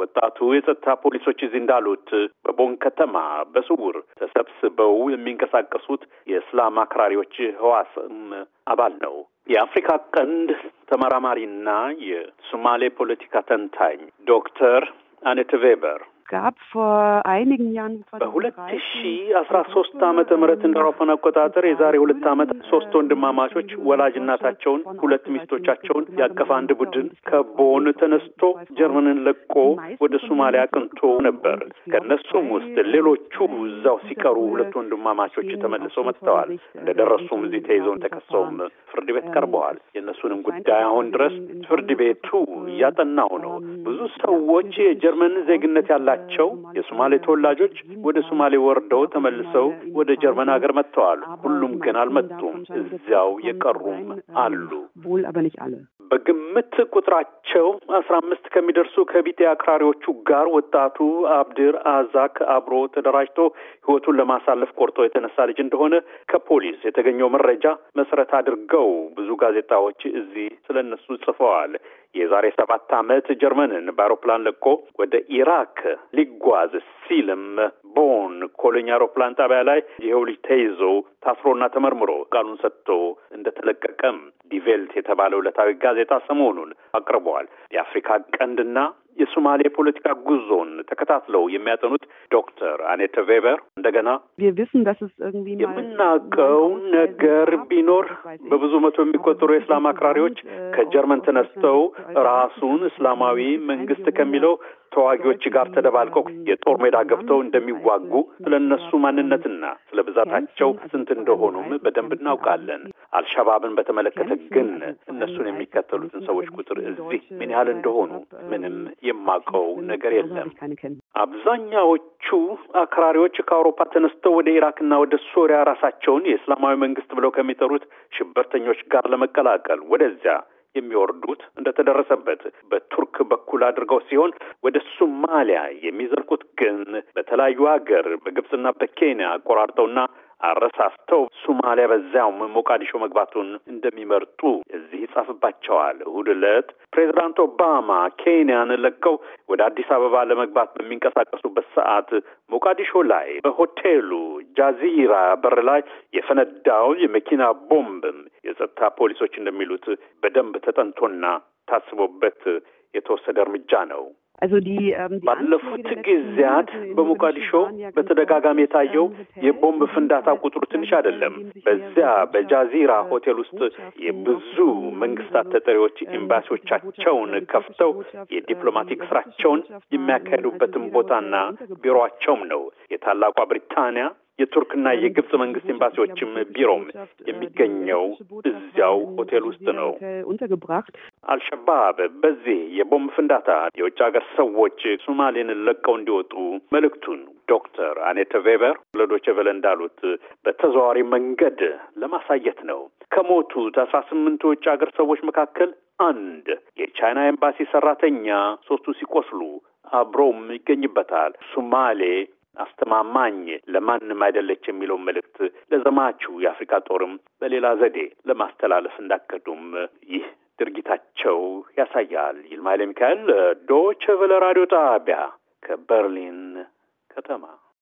ወጣቱ የጸጥታ ፖሊሶች እዚህ እንዳሉት በቦን ከተማ በስውር ተሰብስበው የሚንቀሳቀሱት የእስላም አክራሪዎች ህዋስም አባል ነው። የአፍሪካ ቀንድ ተመራማሪና የሶማሌ ፖለቲካ ተንታኝ ዶክተር አኔት ቬበር gab vor einigen Jahren. በሁለት ሺ አስራ ሶስት ዓመተ ምህረት እንደ አውሮፓን አቆጣጠር የዛሬ ሁለት ዓመት ሶስት ወንድማማቾች ወላጅ እናታቸውን ሁለት ሚስቶቻቸውን ያቀፈ አንድ ቡድን ከቦን ተነስቶ ጀርመንን ለቆ ወደ ሶማሊያ አቅንቶ ነበር። ከእነሱም ውስጥ ሌሎቹ እዛው ሲቀሩ ሁለት ወንድማማቾች ተመልሰው መጥተዋል። እንደደረሱም እዚህ ተይዘውን ተከሰውም ፍርድ ቤት ቀርበዋል። የእነሱንም ጉዳይ አሁን ድረስ ፍርድ ቤቱ እያጠናው ነው። ብዙ ሰዎች የጀርመን ዜግነት ያላቸው ያላቸው የሶማሌ ተወላጆች ወደ ሶማሌ ወርደው ተመልሰው ወደ ጀርመን ሀገር መጥተዋል። ሁሉም ግን አልመጡም። እዚያው የቀሩም አሉ። በግምት ቁጥራቸው አስራ አምስት ከሚደርሱ ከቢጤ አክራሪዎቹ ጋር ወጣቱ አብድር አዛክ አብሮ ተደራጅቶ ሕይወቱን ለማሳለፍ ቆርጦ የተነሳ ልጅ እንደሆነ ከፖሊስ የተገኘው መረጃ መሰረት አድርገው ብዙ ጋዜጣዎች እዚህ ስለነሱ ጽፈዋል። የዛሬ ሰባት ዓመት ጀርመንን በአውሮፕላን ለቆ ወደ ኢራክ ሊጓዝ ሲልም ቦን ኮሎኝ አውሮፕላን ጣቢያ ላይ ይኸው ልጅ ተይዞ ታስሮና ተመርምሮ ቃሉን ሰጥቶ እንደተለቀቀም ዲቬልት የተባለ ዕለታዊ ጋዜጣ ሰሞኑን አቅርበዋል። የአፍሪካ ቀንድና የሶማሌ የፖለቲካ ጉዞን ተከታትለው የሚያጠኑት ዶክተር አኔተ ቬበር እንደገና የምናውቀው ነገር ቢኖር በብዙ መቶ የሚቆጠሩ የእስላም አክራሪዎች ከጀርመን ተነስተው ራሱን እስላማዊ መንግስት ከሚለው ተዋጊዎች ጋር ተደባልቀው የጦር ሜዳ ገብተው እንደሚዋጉ ስለ እነሱ ማንነትና ስለ ብዛታቸው ስንት እንደሆኑም በደንብ እናውቃለን። አልሸባብን በተመለከተ ግን እነሱን የሚከተሉትን ሰዎች ቁጥር እዚህ ምን ያህል እንደሆኑ ምንም የማውቀው ነገር የለም። አብዛኛዎቹ አክራሪዎች ከአውሮፓ ተነስተው ወደ ኢራክና ወደ ሶሪያ ራሳቸውን የእስላማዊ መንግስት ብለው ከሚጠሩት ሽብርተኞች ጋር ለመቀላቀል ወደዚያ የሚወርዱት እንደተደረሰበት በቱርክ በኩል አድርገው ሲሆን ወደ ሶማሊያ የሚዘልቁት ግን በተለያዩ ሀገር በግብፅና በኬንያ አቆራርጠውና አረሳስተው ሶማሊያ በዚያውም ሞቃዲሾ መግባቱን እንደሚመርጡ እንደዚህ ይጻፍባቸዋል። እሁድ ዕለት ፕሬዚዳንት ኦባማ ኬንያን ለቀው ወደ አዲስ አበባ ለመግባት በሚንቀሳቀሱበት ሰዓት ሞቃዲሾ ላይ በሆቴሉ ጃዚራ በር ላይ የፈነዳው የመኪና ቦምብም የጸጥታ ፖሊሶች እንደሚሉት በደንብ ተጠንቶና ታስቦበት የተወሰደ እርምጃ ነው። Ähm, ባለፉት ጊዜያት በሞቃዲሾ በተደጋጋሚ የታየው ähm, የቦምብ ፍንዳታ ቁጥሩ ትንሽ አይደለም። በዚያ በጃዚራ ሆቴል ውስጥ የብዙ መንግስታት ተጠሪዎች ähm, ኤምባሲዎቻቸውን ከፍተው የዲፕሎማቲክ ስራቸውን የሚያካሂዱበትን ቦታና ቢሮቸውም ነው። የታላቋ ብሪታንያ የቱርክና የግብጽ መንግስት ኤምባሲዎችም ቢሮም äh, የሚገኘው äh, እዚያው äh, ሆቴል ውስጥ ነው። አልሸባብ በዚህ የቦምብ ፍንዳታ የውጭ ሀገር ሰዎች ሶማሌን ለቀው እንዲወጡ መልእክቱን ዶክተር አኔተ ቬበር ለዶቼ ቬለ እንዳሉት በተዘዋዋሪ መንገድ ለማሳየት ነው። ከሞቱት አስራ ስምንቱ የውጭ ሀገር ሰዎች መካከል አንድ የቻይና ኤምባሲ ሰራተኛ፣ ሶስቱ ሲቆስሉ አብረውም ይገኝበታል። ሱማሌ አስተማማኝ ለማንም አይደለች የሚለውን መልእክት ለዘማቹ የአፍሪካ ጦርም በሌላ ዘዴ ለማስተላለፍ እንዳቀዱም ይህ ድርጊታቸው ያሳያል። ይልማ ኃይለ ሚካኤል ዶቼ ራዲዮ ጣቢያ ከበርሊን ከተማ